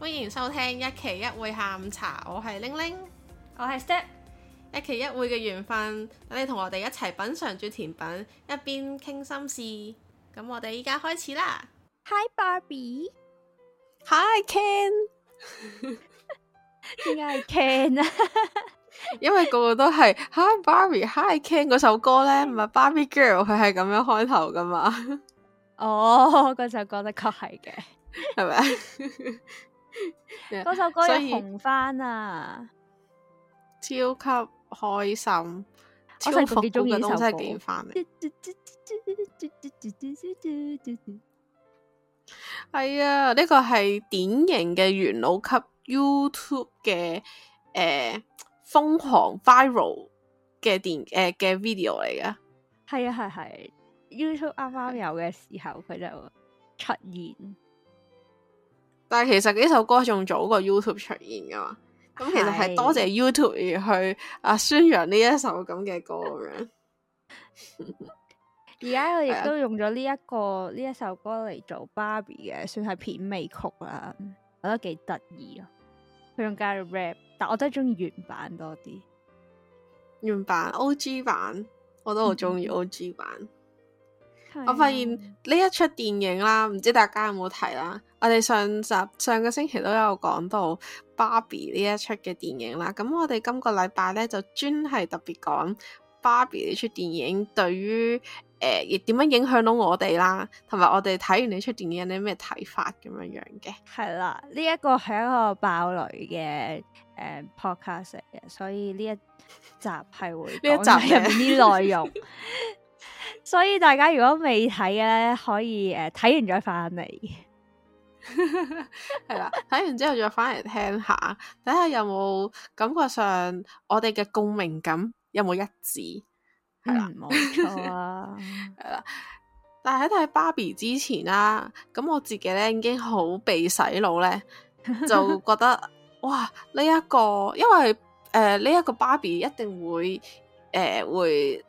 歡迎收聽一期一會下午茶，我係玲玲，我係是 Step，一期一會嘅緣分，等你同我哋一齊品嘗住甜品，一邊傾心事。咁我哋依家開始啦。Hi Barbie，Hi Ken，點解 Ken？ 因為個個都係 Hi Barbie，Hi Ken 嗰首歌咧，唔係 Barbie Girl，佢係咁樣開頭噶嘛？哦，嗰首歌的確係嘅，係咪嗰首歌又紅翻啊！超級開心，我真係好幾中意呢首歌。係 啊、哎，呢、這個係典型嘅元老級 YouTube 嘅誒。呃瘋狂 viral 嘅電誒嘅、呃、video 嚟嘅，係啊係係、啊，YouTube 啱啱有嘅時候佢是就出現，但係其實呢首歌仲早過 YouTube 出現噶嘛？咁是、嗯、其實係多謝 YouTube 而去啊宣揚呢一首咁嘅歌咁樣，而家 我亦都用咗呢一個呢 一首歌嚟做 Barbie 嘅，算係片尾曲啦，我覺得幾得意啊，佢仲加咗 rap。但我都係中意原版多啲，原版 O G 版，我都好中意 O G 版。 我發現呢一出電影啦，唔知大家有冇睇啦？我哋上集上個星期都有講到《芭比》呢一出嘅電影啦。咁我哋今個禮拜咧就專係特別講《芭比》呢出電影，對於誒亦點樣影響到我哋啦，同埋我哋睇完呢出電影有啲咩睇法咁樣樣嘅。係啦，呢一個係一個爆雷嘅。誒、嗯、，podcast 嘅，所以呢一集係會講入啲內容，內容 所以大家如果未睇咧，可以誒睇、呃、完再翻嚟，係啦，睇完之後再翻嚟聽，聽下，睇下有冇感覺上我哋嘅共鳴感有冇一致，係啦，冇錯啦，係、啊、 啦。但係喺睇芭比之前啦、啊，咁我自己咧已經好被洗腦咧，就覺得。哇！呢、這、一個，因為誒呢一個芭比一定會誒、呃、會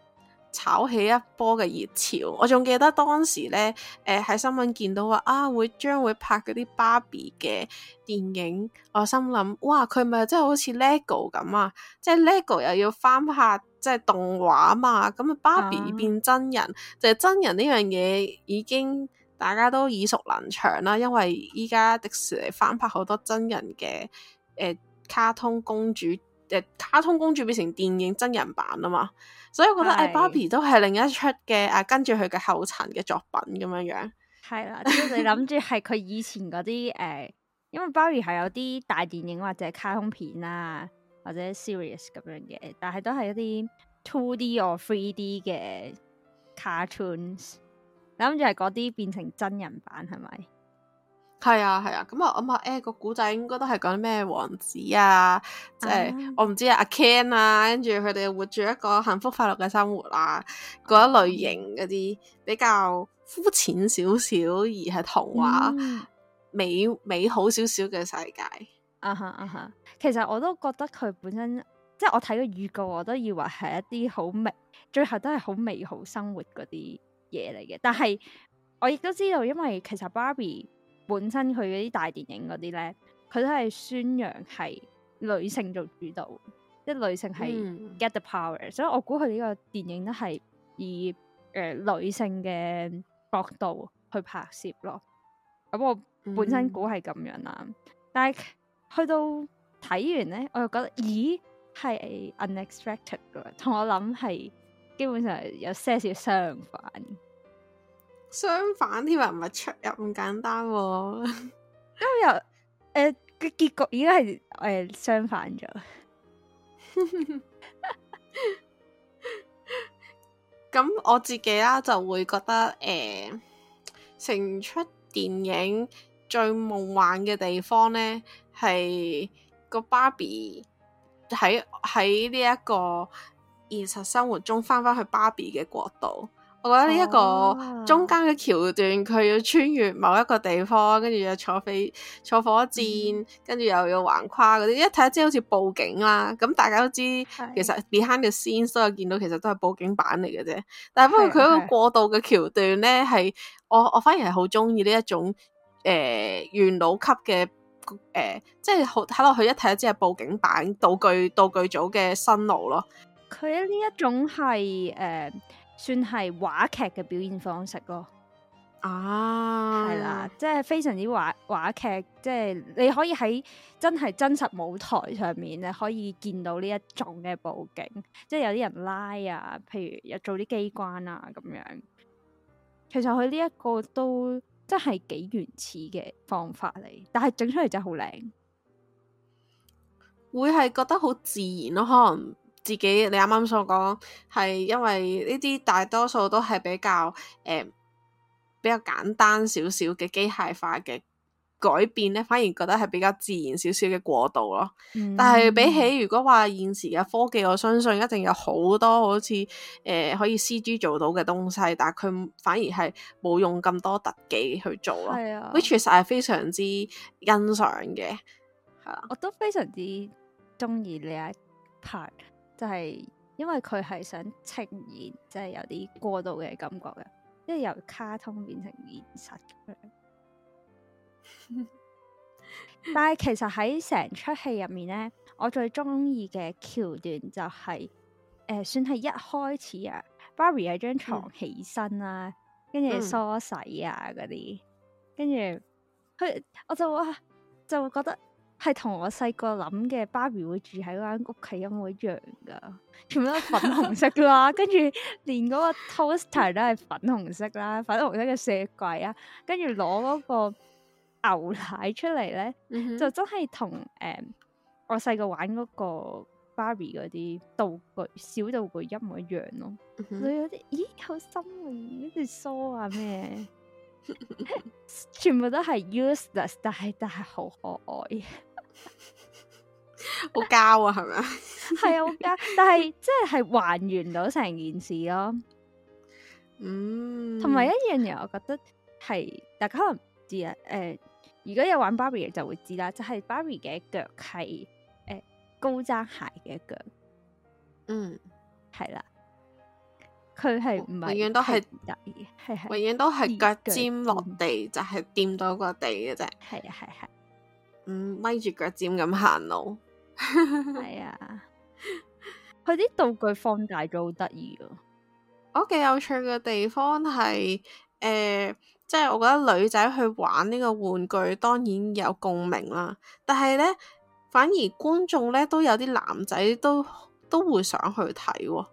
炒起一波嘅熱潮。我仲記得當時咧，誒、呃、喺新聞見到話啊，會將會拍嗰啲芭比嘅電影。我心諗哇，佢係咪真係好似 Lego 咁啊！即係 Lego 又要翻拍即係動畫嘛，咁啊芭比變真人，啊、就係真人呢樣嘢已經大家都耳熟能詳啦。因為依家迪士尼翻拍好多真人嘅。誒、呃，卡通公主，誒、呃，卡通公主變成電影真人版啊嘛，所以我覺得誒，Barbie 都係另一齣嘅啊，跟住佢嘅後塵嘅作品咁樣樣。係啦，就是，你諗住係佢以前嗰啲誒，因為 Barbie 係有啲大電影或者卡通片啦，啊，或者 serious 咁樣嘅，但係都係一啲 two D or three D 嘅 cartoons，諗住係嗰啲變成真人版係咪？係啊係啊，咁啊，我諗啊，誒、欸，個古仔應該都係講咩王子啊，即、就、係、是 uh huh. 我唔知啊，阿 Ken 啊，跟住佢哋活住一個幸福快樂嘅生活啊，嗰一、uh huh. 類型嗰啲比較膚淺少少而係童話美、uh huh. 美，美好少少嘅世界。啊哈啊哈，huh, uh huh. 其實我都覺得佢本身，即係我睇個預告，我都以為係一啲好美，最後都係好美好生活嗰啲嘢嚟嘅。但係我亦都知道，因為其實 Barbie。本身佢嗰啲大電影嗰啲咧，佢都係宣揚係女性做主導，即係女性係 get the power，、嗯、所以我估佢呢個電影都係以誒、呃、女性嘅角度去拍攝咯。咁我本身估係咁樣啦，嗯、但係去到睇完咧，我又覺得咦係 unexpected 噶，同我諗係基本上有些少相反。相反，添，人唔係出入咁簡單，因為誒嘅結局已經係誒相反咗。咁 我自己啦就會覺得誒、呃，成出電影最夢幻嘅地方咧係個芭比喺喺呢一個現實生活中翻返去芭比嘅國度。我覺得呢一個中間嘅橋段，佢要穿越某一個地方，跟住又坐飛坐火箭，跟住、嗯、又要橫跨嗰啲，一睇，即係好似布景啦。咁大家都知是其都，其實 behind 嘅先，所以見到其實都係布景版嚟嘅啫。但係不過佢一個過渡嘅橋段咧，係我我反而係好中意呢一種誒、呃、元老級嘅誒，即係好睇落去一睇即係布景版道具道具組嘅新路咯。佢呢一種係誒。呃算係話劇嘅表現方式咯，啊，係啦，即係非常之話話劇，即係你可以喺真係真實舞台上面，你可以見到呢一種嘅布景，即係有啲人拉啊，譬如有做啲機關啊咁樣。其實佢呢一個都真係幾原始嘅方法嚟，但係整出嚟真係好靚，會係覺得好自然咯，啊，可能。自己你啱啱所講係因為呢啲大多數都係比較誒、呃、比較簡單少少嘅機械化嘅改變咧，反而覺得係比較自然少少嘅過渡咯。嗯、但係比起如果話現時嘅科技，我相信一定有好多好似誒可以 C G 做到嘅東西，但係佢反而係冇用咁多特技去做咯。啊、which is 係非常之欣賞嘅，係啦，我都非常之中意呢一 part。就係因為佢係想呈現，即、就、係、是、有啲過度嘅感覺嘅，即係由卡通變成現實 但係其實喺成出戲入面呢，我最中意嘅橋段就係、是、誒、呃，算係一開始啊，Barbie 喺張床起身啦、啊，跟住、嗯、梳洗啊嗰啲，跟住佢我就啊，就會覺得。係同我細個諗嘅芭比會住喺嗰間屋企有冇一樣噶？全部都粉紅色噶啦， 跟住連嗰個 toaster 都係粉紅色啦，粉紅色嘅雪櫃啊，跟住攞嗰個牛奶出嚟咧，mm hmm. 就真係同誒我細個玩嗰個芭比嗰啲道具小道具一模一樣咯。你、mm hmm. 有啲咦好深喎，呢啲梳 o 啊咩？ 全部都係 useless，但係但係好可愛， 好膠啊，係咪啊？係啊，好膠，但係即係還原到成件事咯。嗯，同埋一樣嘢，我覺得係大家可能知啊。誒、呃，如果有玩 Barbie 嘅就會知啦，就係 Barbie 嘅腳係誒高踭鞋嘅腳。嗯，係啦、 嗯。佢係唔係永遠都係得係係永遠都係腳尖落地的就係掂到個地嘅啫，係啊係係，嗯，咪住腳尖咁行路，係 啊，佢啲道具放大咗好得意啊！我幾有趣嘅，okay, 地方係誒，即、呃、係、就是、我覺得女仔去玩呢個玩具當然有共鳴啦，但係咧反而觀眾咧都有啲男仔都都會想去睇、哦、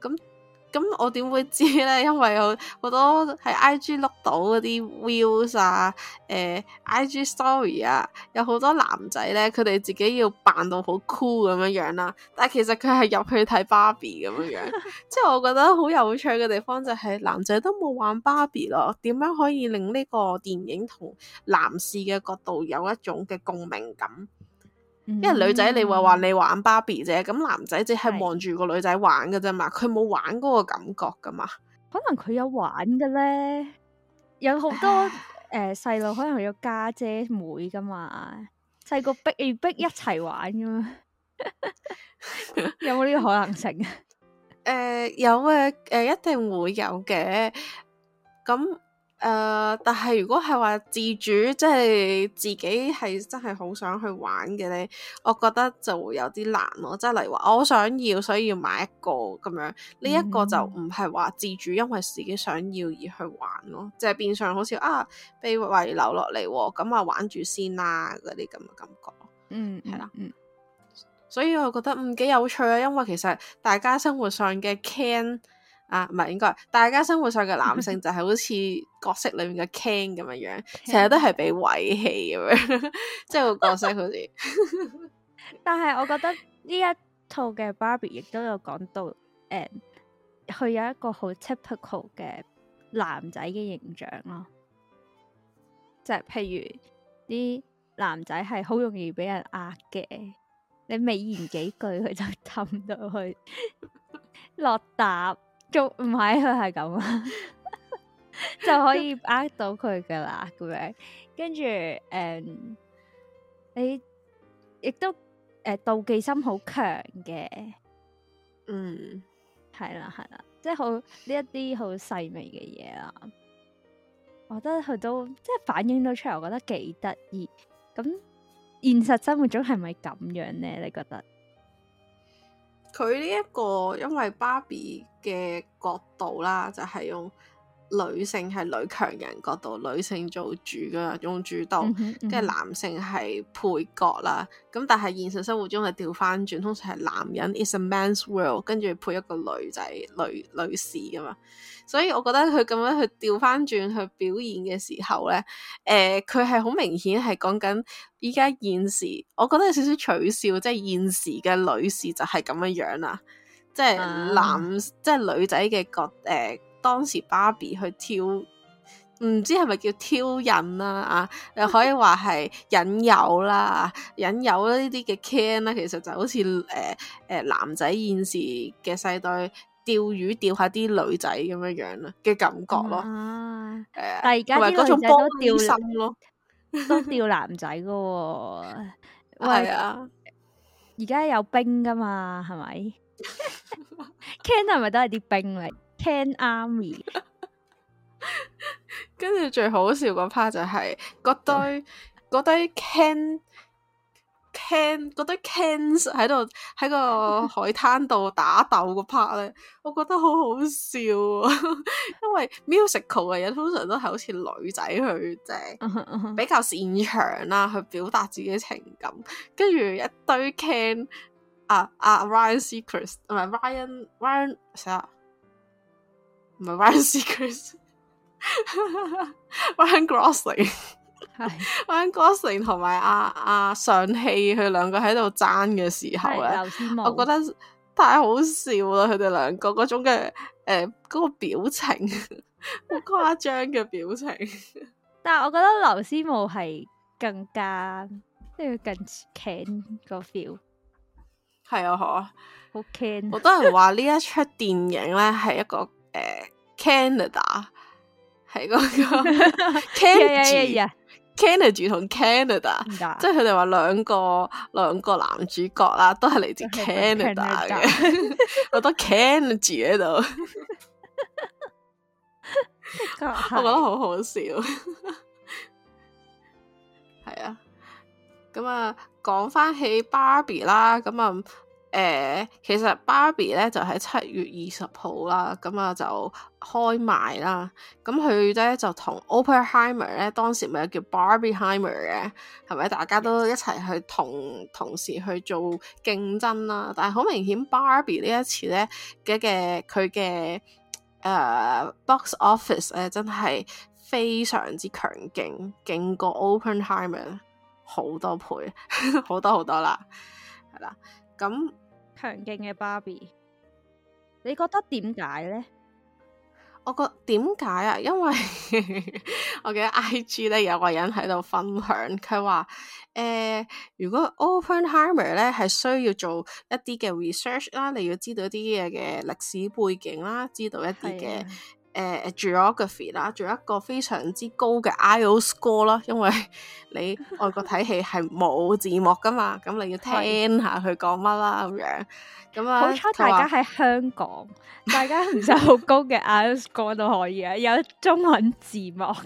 咁、嗯。咁我點會知咧？因為有好多喺 I G 碌到嗰啲 views 啊，誒、呃、I G story 啊，有好多男仔咧，佢哋自己要扮到好 cool 咁樣樣啦。但係其實佢係入去睇芭比咁樣樣， 即係我覺得好有趣嘅地方就係男仔都冇玩芭比咯。點樣可以令呢個電影同男士嘅角度有一種嘅共鳴感？因為女仔你話話你玩芭比啫，咁、嗯、男仔只係望住個女仔玩嘅啫嘛，佢冇是玩嗰個感覺噶嘛可 呃。可能佢有玩嘅咧，有好多誒細路可能有家姐妹噶嘛，細個逼逼一齊玩噶嘛， 有冇呢個可能性啊？誒、 呃、有誒誒、呃、一定會有嘅，咁。誒，uh, 但係如果係話自主，即、就、係、是、自己係真係好想去玩嘅咧，我覺得就會有啲難咯、啊。即係例如話我想要，所以要買一個咁樣，呢、這、一個就唔係話自主，因為自己想要而去玩咯，即係變相好似啊被遺留落嚟，咁啊玩住先啦嗰啲咁嘅感覺。嗯，嗯，嗯，係啦，嗯，所以我覺得唔幾有趣啊，因為其實大家生活上嘅 can。啊，唔係應該，大家生活上嘅男性就係好似角色裏面嘅 Ken 咁樣樣，成日 都係俾遺棄咁樣，即係 個角色好似。 但係我覺得呢一套嘅 Barbie 亦都有講到，誒、 嗯，佢有一個好 typical 嘅男仔嘅形象咯，即、就、係、是、譬如啲男仔係好容易俾人呃嘅，你美言幾句佢就氹到佢落答。仲唔係佢係咁啊， 就可以呃到佢噶啦咁樣，跟住誒，你亦都誒、呃、妒忌心好強嘅，嗯，係啦係啦，即係好呢一啲好細微嘅嘢啦，我覺得佢都即係反映到出嚟，我覺得幾得意。咁現實生活中係咪咁樣咧？你覺得？佢呢一個，因為芭比嘅角度啦，就係、是、用。女性係女強人角度，女性做主嘅嗰種主導，跟住、嗯、哼男性係配角啦。咁、嗯、哼但係現實生活中係調翻轉，通常係男人 is a man's world，跟住配一個女仔、女女士啊嘛。所以我覺得佢咁樣去調翻轉去表演嘅時候咧，誒、呃，佢係好明顯係講緊依家現時，我覺得有少少取笑，即、就、係、是、現時嘅女士就係咁樣樣啦，即、就、係、是、男，嗯、即係女仔嘅角誒。呃當時芭比去挑，唔知係咪叫挑引啦啊？又可以話係引誘啦，引誘呢啲嘅 can 咧，其實就好似誒誒男仔現時嘅世代釣魚，釣魚釣下啲女仔咁樣樣啦嘅感覺咯。嗯啊、但係而家啲女仔都種 釣深咯，都釣男仔嘅喎。係啊，而家有兵㗎嘛？係咪 can 係咪都係啲兵嚟？Ken Ten army 跟住 最好笑個 part 就係嗰堆嗰堆 Ken Ken，堆 Kens 喺度喺個海灘度打鬥嗰 part 咧，我覺得好好笑。啊！ 因為 musical 嘅人通常都係好似女仔去即係比較擅長啦，去表達自己嘅情感。跟住一堆 Ken 啊啊，Ryan Seacrest 唔、啊、係 Ryan Ryan，寫啊。唔係 Ryan Seacrest Ryan Gosling Gr 係 ，Ryan Gosling 同埋、啊、阿阿、啊、上戲佢兩個喺度爭嘅時候咧，我覺得太好笑啦！佢哋兩個嗰種嘅誒、呃那個表情好誇張嘅表情，但係我覺得劉思慕係更加即係更 can 個 feel，係啊，嗬，好 can。好多人話呢一出電影咧係 一個誒。呃 Canada 係嗰個 Canada，Canada 住同 Canada，即係佢哋話兩個兩個男主角啦，都係嚟自 Canada 嘅，我都 Canada 住喺度，我覺得好好笑，係啊，咁啊講翻起 Barbie 啦，咁啊。誒、欸，其實 Barbie 咧就喺七月二十號啦，咁啊就開賣啦。咁佢咧就同 Oppenheimer 咧，當時咪叫 Barbieheimer 嘅，係咪？大家都一齊去同同時去做競爭啦。但係好明顯，Barbie 呢一次咧嘅嘅佢嘅誒 box office 咧真係非常之強勁，勁過 Oppenheimer 好多倍，好 多好多啦，係啦，咁。強勁嘅 Barbie，你覺得點解呢？我覺點解啊？因為 我記得 IG 咧有個人喺度分享，佢話：誒、呃，如果 Oppenheimer 咧係需要做一啲嘅 research 啦，你要知道一啲嘢嘅歷史背景啦，知道一啲嘅。誒、uh, Geography 啦，做一個非常之高嘅 IELTS score 啦，因為你外國睇戲係冇字幕噶嘛，咁 你要聽下佢講乜啦咁樣，咁啊 好彩大家喺香港， 大家唔使好高嘅 IELTS score 都可以啊，有中文字幕。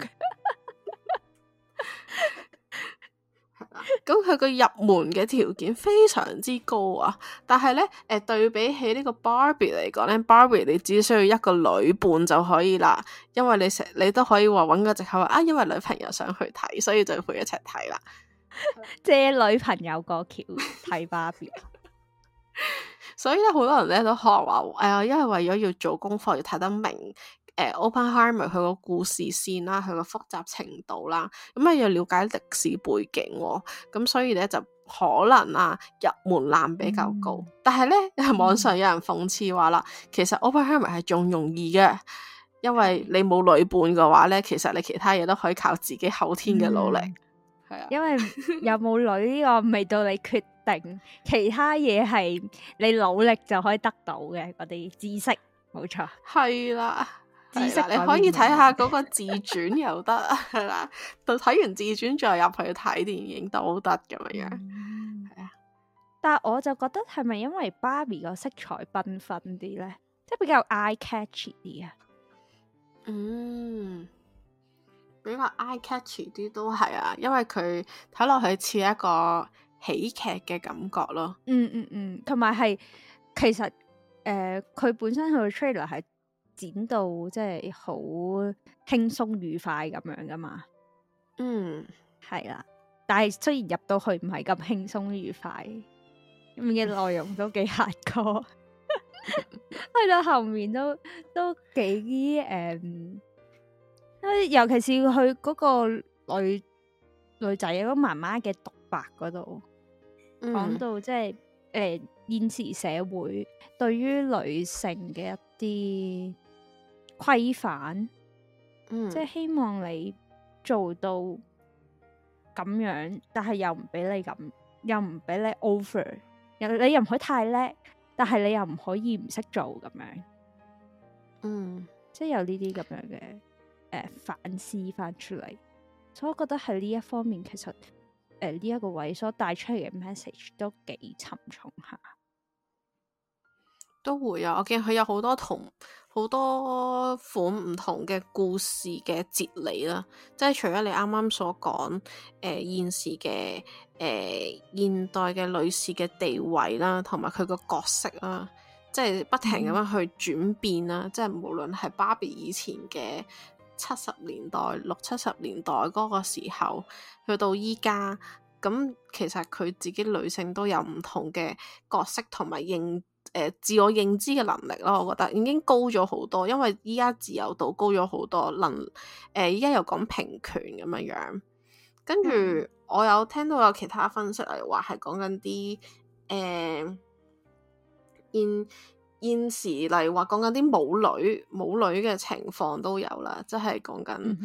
咁佢個入門嘅條件非常之高啊，但係咧，誒、呃、對比起個呢個 Barbie 嚟講咧，Barbie 你只需要一個女伴就可以啦，因為你成你都可以話搵個借口啊，因為女朋友想去睇，所以就陪一齊睇啦，借女朋友個橋睇 Barbie，所以咧好多人咧都可能話，誒、哎，因為為咗要做功課要睇得明。誒、uh，Open Harmony 佢個故事線啦，佢個複雜程度啦，咁啊要了解歷史背景喎、哦，咁所以咧就可能啊入門檻比較高。嗯、但係咧，網上有人諷刺話啦，嗯、其實 Open Harmony 係仲容易嘅，因為你冇女伴嘅話咧，其實你其他嘢都可以靠自己後天嘅努力。係啊、嗯， 因為有冇女呢個未到你決定，其他嘢係你努力就可以得到嘅嗰啲知識。冇錯，係啦。知識啦你可以睇下嗰個自傳又得啦，到睇 完自傳再入去睇電影都得咁樣。係啊、mm，hmm. 啦但係我就覺得係咪因為芭比個色彩繽紛啲咧，即係比較 eye catchy 啲啊？嗯，比較 eye catchy 啲都係啊，因為佢睇落去似一個喜劇嘅感覺咯。嗯嗯嗯，同埋係其實誒，佢、呃、本身佢嘅 trailer 係。剪到即係好輕鬆愉快咁樣噶嘛？嗯，係啦。但係雖然入到去唔係咁輕鬆愉快， 面嘅內容都幾吓歌。去 到 後面都都幾誒，um, 尤其是去嗰個女女仔嗰媽媽嘅獨白嗰度，講、嗯、到即係誒、呃、現時社會對於女性嘅一啲。規範，嗯、即係希望你做到咁樣，但係又唔俾你咁，又唔俾你 over，又你又唔可以太叻，但係你又唔可以唔識做咁樣。嗯，即係有呢啲咁樣嘅誒、呃、反思翻出嚟，所以我覺得喺呢一方面，其實誒呢一個位所帶出嚟嘅 message 都幾沉重吓。都會啊，我見佢有好多同。好多款唔同嘅故事嘅哲理啦，即係除咗你啱啱所講誒、呃，現時嘅誒、呃、現代嘅女士嘅地位啦，同埋佢個角色啦，即係不停咁樣去轉變啦，嗯、即係無論係芭比以前嘅七十年代、六七十年代嗰個時候，去到依家，咁其實佢自己女性都有唔同嘅角色同埋認。誒、呃、自我認知嘅能力咯，我覺得已經高咗好多，因為依家自由度高咗好多，能誒依家又講平權咁樣樣，跟住、嗯、我有聽到有其他分析嚟話係講緊啲誒現現時，例如話講緊啲母女母女嘅情況都有啦，即係講緊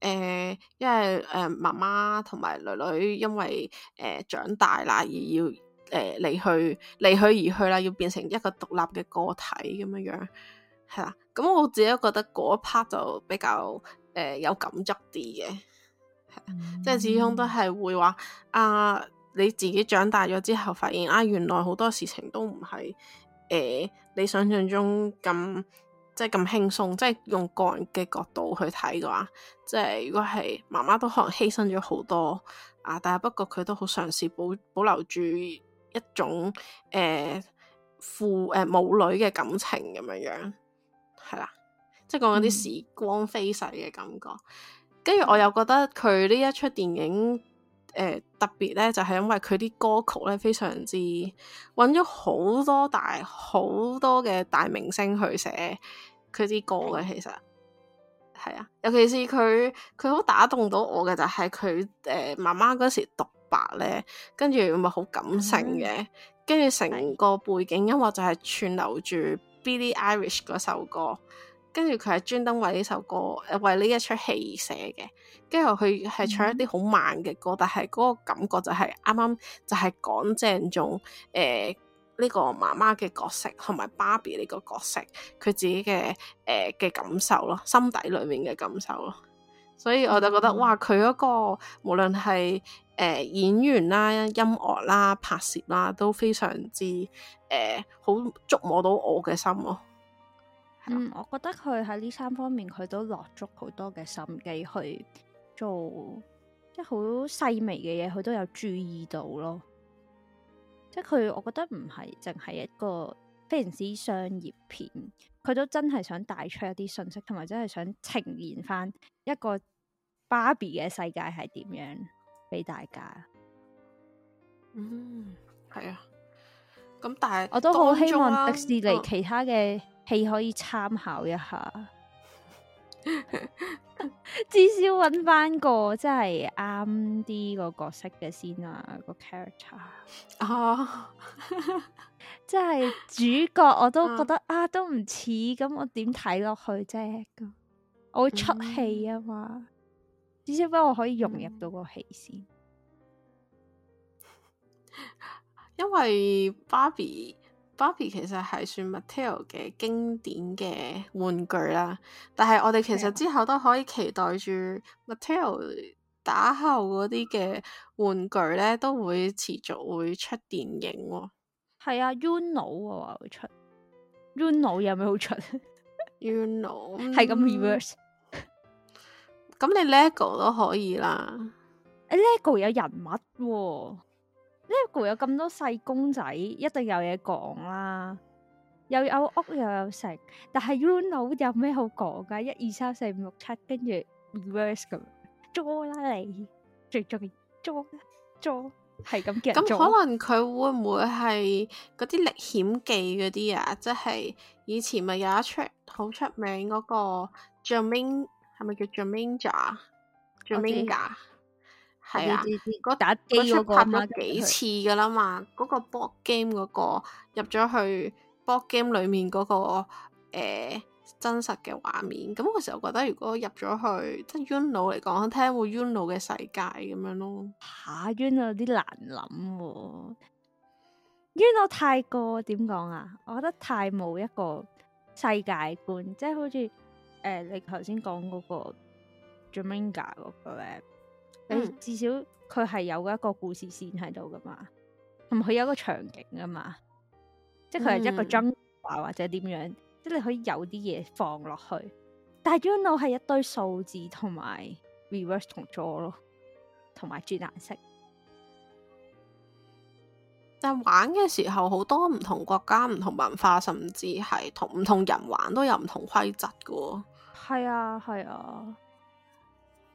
誒因為誒、呃、媽媽同埋女女因為誒、呃、長大啦而要。誒、呃、離去，離去而去啦，要變成一個獨立嘅個體咁樣樣，係啦。咁、嗯、我自己覺得嗰一 part 就比較誒、呃、有感觸啲嘅，即係始終都係會話啊，你自己長大咗之後，發現啊，原來好多事情都唔係誒你想象中咁即係咁輕鬆，即、就、係、是、用個人嘅角度去睇嘅話，即係如果係媽媽都可能犧牲咗好多啊，但係不過佢都好嘗試保保留住。一種誒、呃、父誒、呃、母女嘅感情咁樣樣，係啦，即係講啲時光飛逝嘅感覺。跟住、嗯、我又覺得佢呢一出電影誒、呃、特別咧，就係、是、因為佢啲歌曲咧非常之揾咗好多大好多嘅大明星去寫佢啲歌嘅，其實係啊，尤其是佢佢好打動到我嘅就係佢誒媽媽嗰時讀白咧，跟住咪好感性嘅，跟住成個背景音樂就係串流住 Billie Eilish 嗰首歌，跟住佢係專登為呢首歌，為呢一出戲而寫嘅，跟住佢係唱一啲好慢嘅歌，但係嗰個感覺就係啱啱就係講正中誒呢個媽媽嘅角色，同埋芭比呢個角色佢自己嘅誒嘅感受咯，心底裏面嘅感受咯。所以我就覺得，哇！佢嗰個無論係誒演員啦、音樂啦、拍攝啦，都非常之誒好觸摸到我嘅心咯、喔。嗯，我覺得佢喺呢三方面，佢都落足好多嘅心機去做，即係好細微嘅嘢，佢都有注意到咯。即係佢，我覺得唔係淨係一個非常之商業片，佢都真係想帶出一啲信息，同埋真係想呈現翻一個。芭比嘅世界係點樣？俾大家，嗯，係啊。咁但係、啊、我都好希望迪士尼其他嘅戲可以參考一下， 至少揾翻個即係啱啲個角色嘅先、那個、角色啊個 character 哦，即 係 主角我都覺得啊，啊都唔似咁，我點睇落去啫？我會出戲啊嘛。只不過我可以融入到個戲先， 因為芭比芭比其實係算 Mattel 嘅經典嘅玩具啦，但係我哋其實之後都可以期待住 Mattel 打後嗰啲嘅玩具咧，都會持續會出電影喔。係啊，Uno 話會出 Uno 有咩好出？Uno 係咁 reverse。咁你 LEGO 都可以啦，LEGO 有人物喎，LEGO 有咁多細公仔，一定有嘢講啦，又有屋又有城，但係 UNO 有咩好講噶？一二三四五六七，跟住 reverse 咁，裝啦你，最中意，裝，裝，係咁嘅。咁可能佢會唔會係嗰啲歷險記嗰啲啊？即係以前咪有一出好出名嗰個 Jumanji 係咪叫 ja? Jumanji？Jumanji 係啊，嗰那打機嗰出拍咗幾次噶啦嘛？嗰、嗯、個 board game 嗰、那個入咗去 board game 裏面嗰、那個誒、呃、真實嘅畫面，咁其實我覺得如果入咗去，即係 Uno 嚟講，聽部 Uno 嘅世界咁樣咯。吓 Uno 有啲難諗 Uno 太過點講啊？我覺得太冇一個世界觀，即係好似。誒、欸，你頭先講嗰個 Jenga 嗰、那個咧，你、嗯、至少佢係有一個故事線喺度噶嘛，同佢有一個場景噶嘛，即係佢係一個 jump 畫、er、或者點樣，嗯、即係你可以有啲嘢放落去。但係 UNO 係一堆數字同埋 reverse 同 draw 咯，同埋轉顏色。但玩嘅時候，好多唔同國家、唔同文化，甚至係同唔同人玩都有唔同規則嘅。係啊，係啊。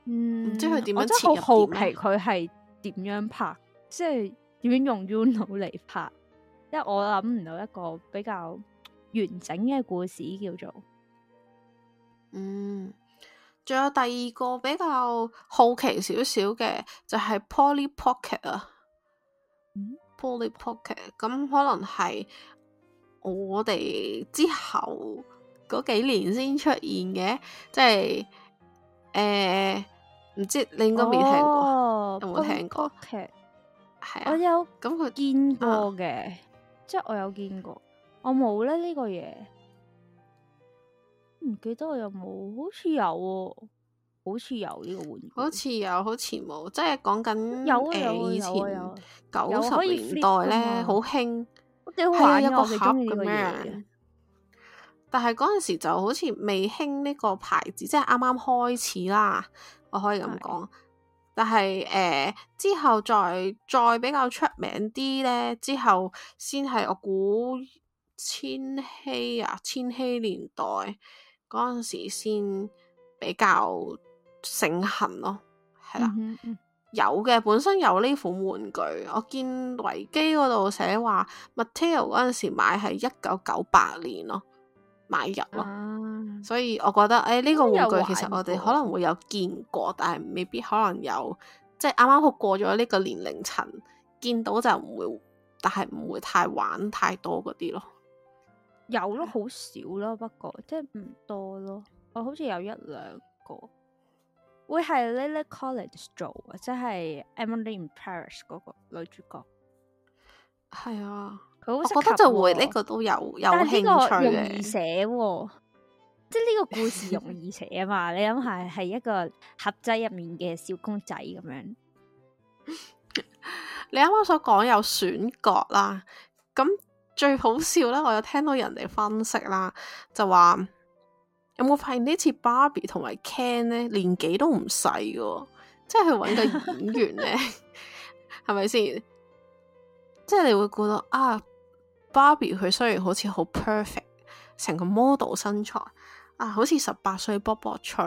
嗯，唔知佢點樣，我真好好奇佢係點樣拍，即係點樣用 Uno 嚟拍。因為我諗唔到一個比較完整嘅故事叫做，嗯，仲有第二個比較好奇少少嘅就係、是、Polly Pocket 啊。嗯 Polly Pocket，咁可能係我哋之後嗰幾年先出現嘅，即係誒，唔、呃、知你應該未聽過、哦、有冇聽過？係啊，我有咁佢見過嘅，即係我有見過，我冇咧呢個嘢，唔記得我又冇，好似有啊。好似有呢個玩具，好似有，好似冇，即係講緊誒，有有有有以前九十年代咧好興，係一個盒咁樣。但係嗰陣時就好似未興呢個牌子，即係啱啱開始啦，我可以咁講。是但係誒、呃、之後再再比較出名啲咧，之後先係我估千禧啊，千禧年代嗰陣時先比較盛行咯。係啦、啊，嗯、哼有嘅本身有呢款玩具，我見維基嗰度寫話 material 嗰陣時買係一九九八年咯，買入咯，所以我覺得誒呢、哎這個玩具其實我哋可能會有見過，但係未必可能有，即係啱啱好過咗呢個年齡層見到就唔會，但係唔會太玩太多嗰啲咯。啊、有咯，好少咯，不過即係唔多咯，我好似有一兩個。會係 Lily Collins 做，即係 Emily in Paris 嗰個女主角。係啊，啊我覺得就會呢個都有有興趣嘅。即係呢個故事容易寫啊嘛，你諗下係一個盒仔入面嘅小公仔咁樣。 你啱啱所講有選角啦，咁最好笑咧，我有聽到人哋分析啦，就話。有冇發現呢次 Barbie 同埋 Ken 咧，年紀都唔細嘅，即係去搵個演員咧，係咪先？即係你會覺得啊，Barbie 佢雖然好似好 perfect，成個 model 身材啊，好似十八歲卜卜脆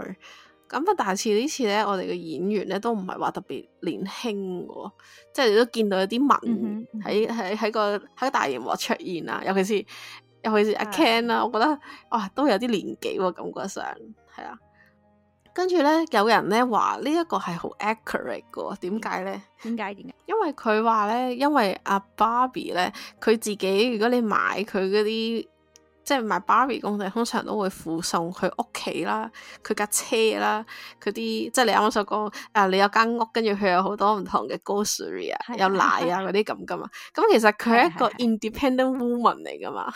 咁啊，但係似呢次咧，我哋嘅演員咧都唔係話特別年輕嘅，即係你都見到有啲紋喺喺喺個喺個大螢幕出現啊，尤其是。尤其是阿 Ken 啊，我覺得哇都有啲年紀喎，啊，感覺上係啊。跟住咧，有人咧話呢一個係好 accurate 嘅，點解咧？點解？點解？因為佢話咧，因為阿 Barbie 咧，佢自己如果你買佢嗰啲。即係買 Barbie 公仔，通常都會附送佢屋企啦、佢架車啦、佢啲即係你啱啱所講，啊、呃、你有間屋，跟住佢有好多唔同嘅 grocery 啊，有奶啊嗰啲咁噶嘛。咁其實佢係一個 independent woman 嚟噶嘛。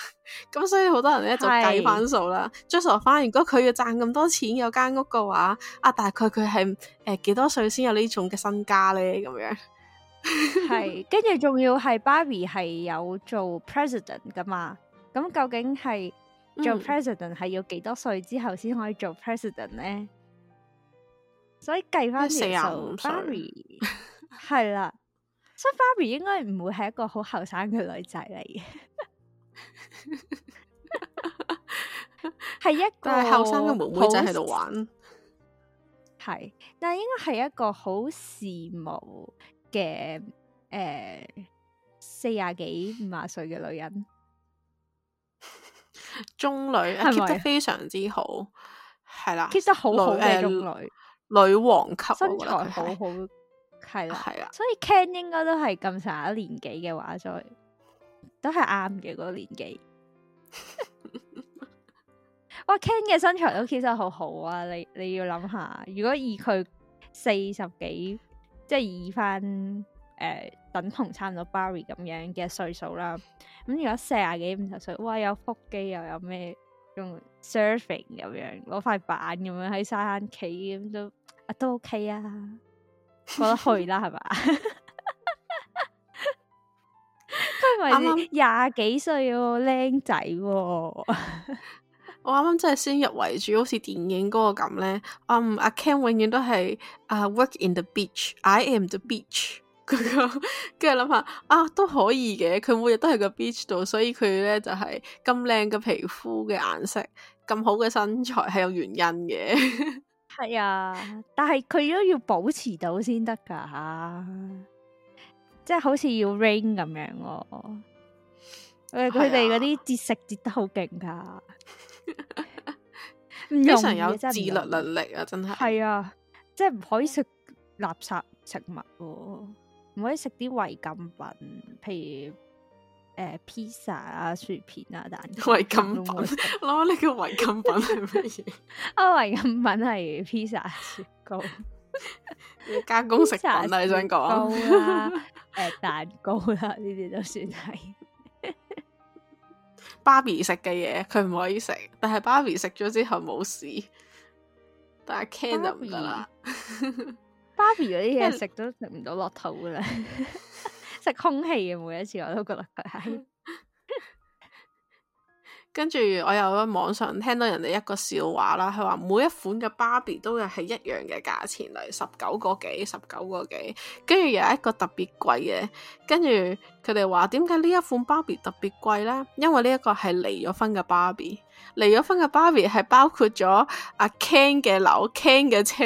咁所以好多人咧就計翻數啦。就係話，如果佢要賺咁多錢有間屋嘅話，啊大概佢係誒幾多歲先有呢種嘅身家咧？咁樣係， 跟住仲要係 Barbie 係有做 president 噶嘛？咁究竟係做 president 係、嗯、要幾多歲之後先可以做 president 咧？所以計翻四十五歲係啦，所以 Barbie 應該唔會係一個好後生嘅女仔嚟嘅，係 一個後生嘅妹妹仔喺度玩。係，但係應該係一個好羨慕嘅、誒，四十幾五十歲嘅女人。中女係咪？keep 得非常之好，係啦，keep 得好好。嘅中女、呃、女王級，身材好好，係啦係啦。的的所以 Ken 應該都係咁上下年紀嘅話，再都係啱嘅嗰個年紀。 哇，Ken 嘅身材都 keep 得好好啊！你你要諗下，如果以佢四十幾，即係以返。誒、呃、等同差唔多 Barry 咁樣嘅歲數啦。咁如果四十幾五十歲，哇，有腹肌又有咩用 surfing 咁樣攞塊板，咁樣喺沙灘企，咁都啊都 OK 啊，過得去啦，係嘛 是吧？佢啱啱廿幾歲喎、哦，僆仔喎。 我啱啱真係先入為主，好似電影嗰個咁咧。嗯，阿 Ken 永遠都係啊、uh,，work in the beach，I am the beach。跟住諗下啊，都可以嘅。佢每日都喺個 beach 度，所以佢咧就係咁靚嘅皮膚嘅顏色，咁好嘅身材係有原因嘅。係 啊，但係佢都要保持到先得噶，即係好似要 rain 咁樣哦。佢哋嗰啲節食節得好勁噶， 非常有自律能力啊！真係係啊，即係唔可以食垃圾食物、啊。唔可以食啲違禁品，譬如誒、呃、披薩啊、薯片啊、蛋糕。違禁品？攞呢個違禁品係乜嘢？ 啊，違禁品係披薩、雪糕、 加工食品啊！你想講？誒、 呃，蛋糕啦，呢啲都算係。芭比食嘅嘢，佢唔可以食，但係芭比食咗之後冇事，但係 Ken 就唔得啦。Barbie? 芭比嗰啲嘢食都食唔到落肚噶啦，食 空氣嘅，每一次我都覺得佢係。跟住 我又喺網上聽到人哋一個笑話啦，佢話每一款嘅芭比都有係一樣嘅價錢嚟，十九個幾，十九個幾，跟住有一個特別貴嘅，跟住佢哋話，點解呢一款芭比特別貴咧？因為呢一個係離咗婚嘅芭比，離咗婚嘅芭比係包括咗阿、啊、Ken 嘅樓，Ken 嘅車，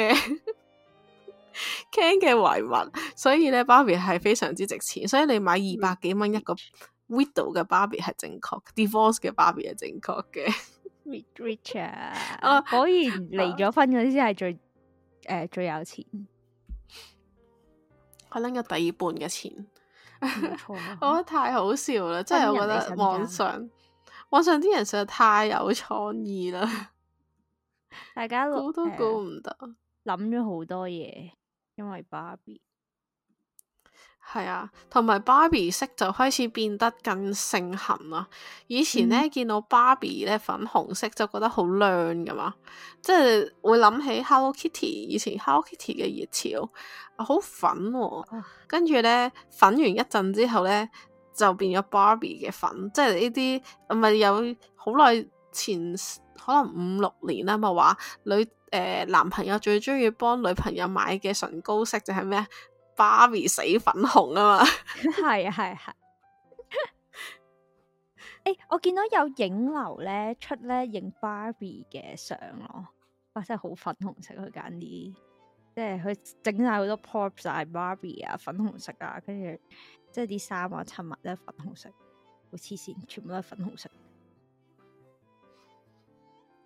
Ken 嘅遺物，所以咧 Barbie 係非常之值錢，所以你買二百幾蚊一個 widow 嘅 Barbie 係正確，divorce 嘅 Barbie 係正確嘅。Richer，哦 我，可以離咗婚嗰時係最誒、呃、最有錢，我拎咗第二半嘅錢。 我覺得太好笑啦！真係的我覺得網上網上啲人實在太有創意啦，大家估 都估唔不到、呃，諗咗好多嘢。因為芭比係啊，同埋芭比色就開始變得更盛行啦。以前咧、嗯、見到芭比咧粉紅色就覺得好靚噶嘛，即係會諗起 Hello Kitty。以前 Hello Kitty 嘅熱潮好粉、啊，啊、跟住咧粉完一陣之後咧就變咗芭比嘅粉，即係呢啲唔係有好耐。前可能五六年啦，咪話女誒、呃、男朋友最中意幫女朋友買嘅唇膏色就係咩 Barbie 死粉紅啊嘛，係啊係係。誒，我見到有影樓咧出咧影 Barbie 嘅相咯，哇、啊，真係好粉紅色，佢揀啲即係佢整晒好多 pop 晒 Barbie 啊，粉紅色啊，跟住即係啲衫啊，襯埋都係粉紅色，好黐線，全部都係粉紅色。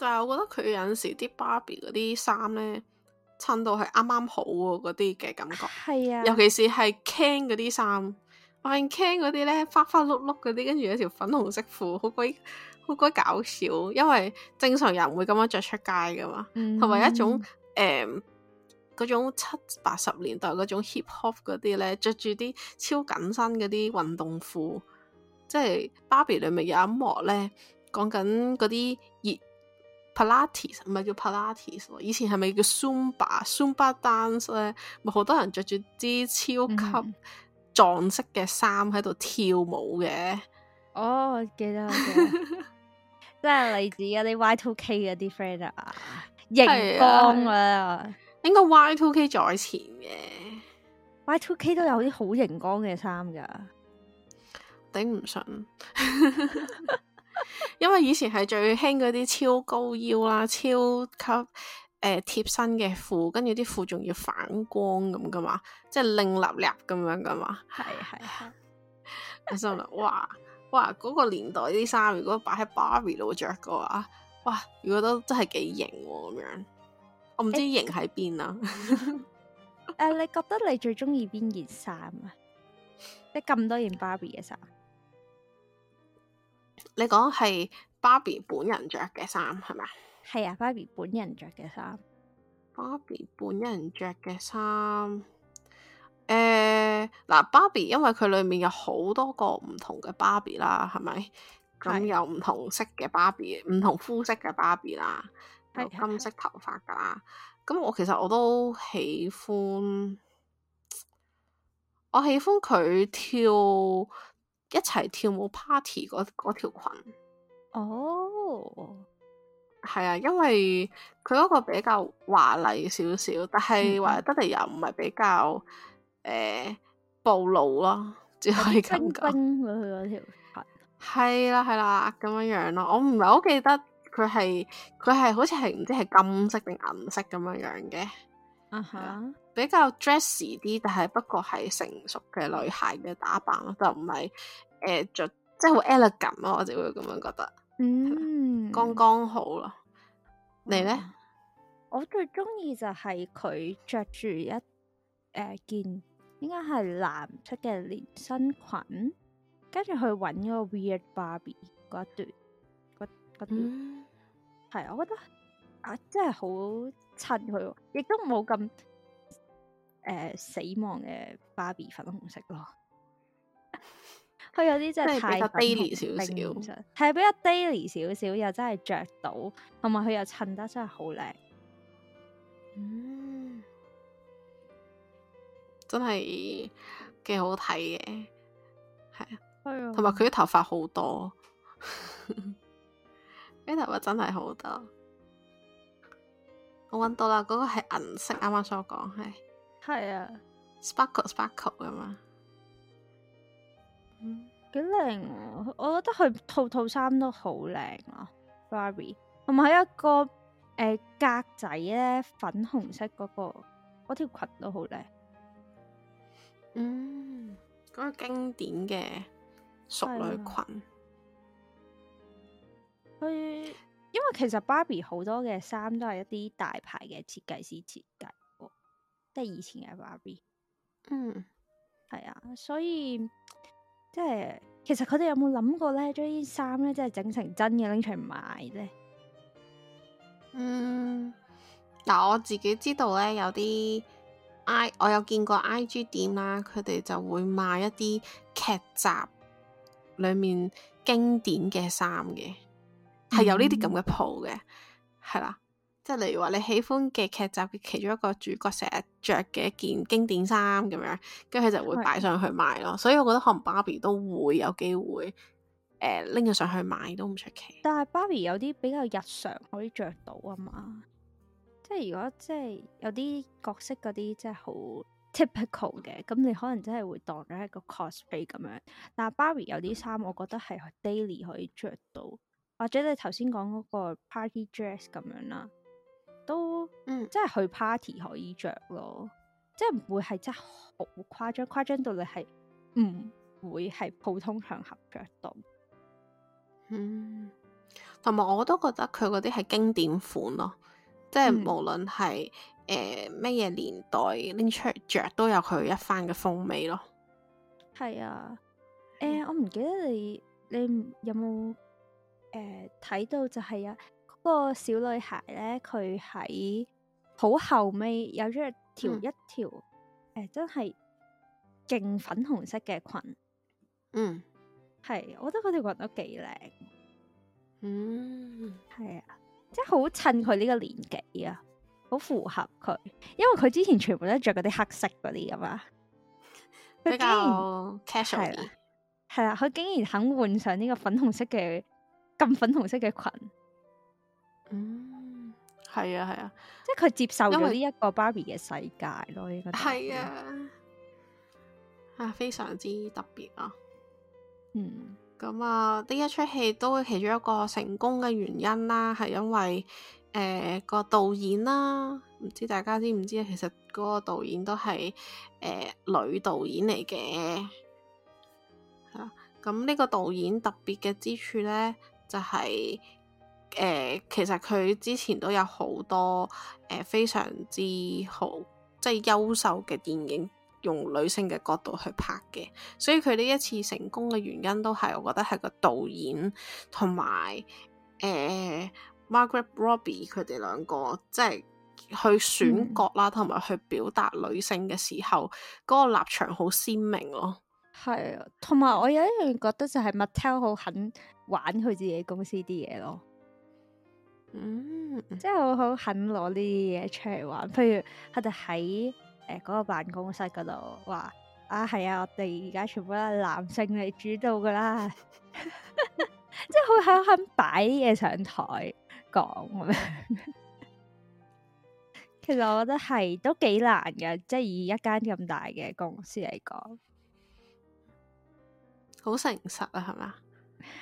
但係我覺得佢有陣時啲芭比嗰啲衫咧，襯到係啱啱好喎，嗰啲嘅感覺係啊，尤其是係 Ken 嗰啲衫，我發現 Ken 嗰啲咧花花碌碌嗰啲，跟住有條粉紅色褲，好鬼好鬼搞笑，因為正常人唔會咁樣着出街噶嘛。同埋一種誒嗰、嗯嗯、種七八十年代嗰種 hip hop 嗰啲咧，着住啲超緊身嗰啲運動褲，即係芭比裡面有一幕咧，講緊嗰啲熱。Pilates 唔係叫 Pilates 以前係咪叫 Zumba Zumba dance 咧？咪好多人着住啲超級撞色嘅衫喺度跳舞嘅、嗯。哦，記得記得，即係類似啊啲 Y two K 嗰啲 friend 啊，熒光啊，應該 Y two K 在前嘅。Y two K 都有啲好熒光嘅衫噶，頂唔順。 因為以前係最興嗰啲超高腰啦，超級誒貼、呃、身嘅褲，跟住啲褲仲要反光咁噶嘛，即係亮立立咁樣噶嘛。係係啊，咁所以哇哇嗰、那個年代啲衫，如果擺喺 Barbie 度着嘅話，哇，如果都真係幾型咁樣，我唔知型喺邊啊？誒、 呃，你覺得你最中意邊件衫啊？即咁 多件 Barbie 嘅衫。你講係芭比本人着嘅衫係咪啊？係啊，芭比本人着嘅衫。芭比本人着嘅衫，誒、呃，嗱，芭比因為佢裏面有好多個唔同嘅芭比啦，係咪？咁是有唔同色嘅芭比，唔同膚色嘅芭比啦，金色頭髮噶啦。咁的我其實我都喜歡，我喜歡佢跳。一齊跳舞 party 嗰嗰條裙，哦，係啊，因為佢嗰個比較華麗少少，但係華麗得嚟又唔係比較誒、呃、暴露咯，只可以咁講。冰冰佢嗰條裙，係啦係啦咁樣樣咯，我唔係好記得佢係佢係好似係唔知係金色定銀色咁樣樣嘅，啊、uh。Huh. 比較 dressy 啲，但係不過係成熟嘅女孩嘅打扮咯，就唔係誒着，即係好 elegant 咯，我就會咁樣覺得。嗯，剛剛好啦。你咧、嗯？我最中意就係佢着住一誒件應該係藍色嘅連身裙，跟住去搵嗰個 Weird Barbie 嗰一段，嗰段係啊、嗯，我覺得啊真係好襯佢，亦都冇咁。呃、死亡嘅芭比粉紅色咯，佢 有啲真係比較 daily 少少，係、嗯、比較 daily 少少又真係着到，同埋佢又襯得真係好靚，嗯，真係幾好睇嘅，係啊，係啊，同埋佢啲頭髮好多，啲 頭髮真係好多，我搵到啦，嗰、嗰個係銀色，啱啱所講係。係啊 Spark，sparkle sparkle 㗎嘛，嗯，幾靚，我我覺得佢套套衫都好靚啊，Barbie，同埋一個誒、呃、格仔咧，粉紅色嗰、那個嗰條裙都好靚，嗯，嗰、那個經典嘅淑女裙，啊，佢， 因為其實 Barbie 好多嘅衫都係一啲大牌嘅設計師設計。即係以前嘅 Barbie，嗯，係啊，所以即係其實佢哋有冇諗過咧，將啲衫咧即係整成真嘅拎出嚟賣啫。嗯，嗱，我自己知道咧，有啲 I，我有見過 I G 店啦，佢哋就會賣一啲劇集裏面經典嘅衫嘅，係有呢啲咁嘅鋪嘅，係啦、嗯。即係例如話你喜歡嘅劇集嘅其中一個主角，成日着嘅一件經典衫咁樣，跟住佢就會擺上去賣咯。的所以我覺得可能 Barbie 都會有機會誒拎咗上去賣都唔出奇。但係 Barbie 有啲比較日常可以着到啊嘛，即係如果即係有啲角色嗰啲即係好 typical 嘅，咁你可能真係會當咗一個 cosplay 咁樣。但係 Barbie 有啲衫，我覺得係 daily 可以着到，嗯、或者你頭先講嗰個 party dress 咁樣啦。都，嗯，即係去 party 可以着咯，即係唔會係真係好誇張，誇張到你係唔會係普通場合着到。嗯，同埋我都覺得佢嗰啲係經典款咯，即係無論係誒咩嘢年代拎出嚟着都有佢一番嘅風味咯。係啊，誒、呃，我唔記得你你有冇誒睇到就係啊。嗰個小女孩咧，佢喺好後尾有咗一條一條誒、嗯欸，真係勁粉紅色嘅裙。嗯，係，我覺得嗰條裙都幾靚。嗯，係啊，即係好襯佢呢個年紀啊，好符合佢。因為佢之前全部都着嗰啲黑色嗰啲咁啊，比較 casual。係啦，佢竟然肯換上呢個粉紅色嘅咁粉紅色嘅裙。嗯，係啊，係啊，啊即係佢接受咗呢一個芭比嘅世界咯，呢個係啊，啊非常之特別啊，嗯，咁啊、嗯，呢一出戲都其中一個成功嘅原因啦、啊，係因為誒個、呃、導演啦、啊，唔知大家知唔知其實嗰個導演都係誒、呃、女導演嚟嘅，係、啊、啦，咁呢個導演特別嘅之處呢，就係、係。誒、呃，其實佢之前都有好多誒、呃、非常之好，即係優秀嘅電影，用女性嘅角度去拍嘅，所以佢呢一次成功嘅原因都係，我覺得係個導演同埋誒 Margaret Robbie 佢哋兩個，即係去選角啦，同埋、嗯、去表達女性嘅時候，嗰、那個立場好鮮明咯。係啊，同埋我有一樣覺得就係 Mattel 好肯玩佢自己公司啲嘢咯。嗯，即係好好肯攞呢啲嘢出嚟玩，譬如佢哋喺誒嗰個辦公室嗰度話啊，係啊，我哋而家全部都係男性嚟主導噶啦， 即係好肯肯擺啲嘢上台講咁樣。 其實我覺得係都幾難嘅，即係以一間咁大嘅公司嚟講，好誠實啊，係嘛？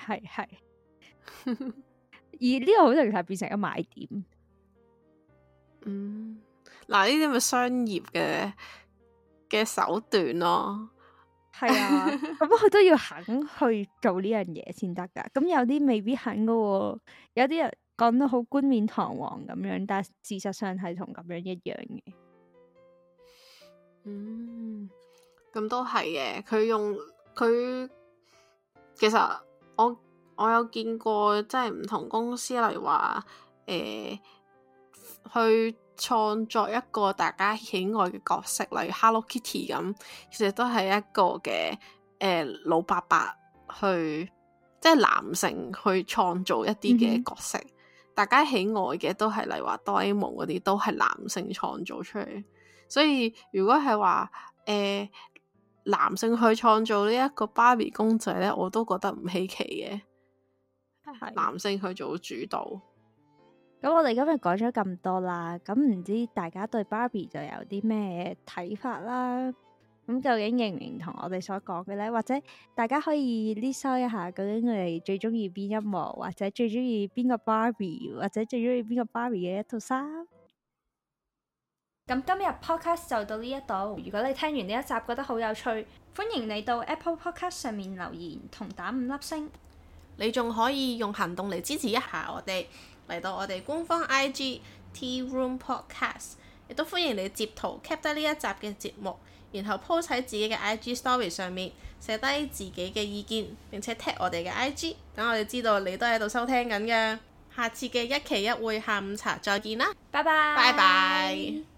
係係。 而呢個好似其實變成一個賣點，嗯，嗱呢啲咪商業嘅嘅手段咯。哦，係 啊，咁佢都要肯去做呢樣嘢先得噶，咁有啲未必肯噶。哦，有啲人講得好冠冕堂皇咁樣，但係事實上係同咁樣一樣嘅，嗯，咁都係嘅，佢用佢，其實我。我有見過，即係唔同公司，嚟話、呃、去創作一個大家喜愛嘅角色，例如 Hello Kitty 咁，其實都係一個嘅誒、呃、老伯伯去即係男性去創造一啲嘅角色，嗯、哼大家喜愛嘅都係例如話哆啦 A 夢嗰啲，都係男性創造出嚟。所以如果係話誒男性去創造呢一個芭比公仔咧，我都覺得唔稀奇嘅。男性去做主導咁，我哋今日講咗咁多啦，咁唔知大家對 Barbie 就有啲咩睇法啦？咁究竟認唔認同我哋所講嘅呢？或者大家可以 list 一下，究竟佢哋最中意邊一幕，或者最中意邊個 Barbie，或者最中意邊個 Barbie 嘅一套衫？咁今日 Podcast 就到呢一度。如果你聽完呢一集覺得好有趣，歡迎你到 Apple Podcast 上面留言同打五粒星。你仲可以用行動嚟支持一下我哋，嚟到我哋官方 IG Tea Room Podcast，亦都歡迎你截圖 keep 低呢一集嘅節目，然後 po 喺自己嘅 IG Story 上面寫低自己嘅意見，並且 tag 我哋嘅 IG，等我哋知道你都喺度收聽緊嘅。下次嘅一期一會下午茶，再見啦，拜拜，拜拜。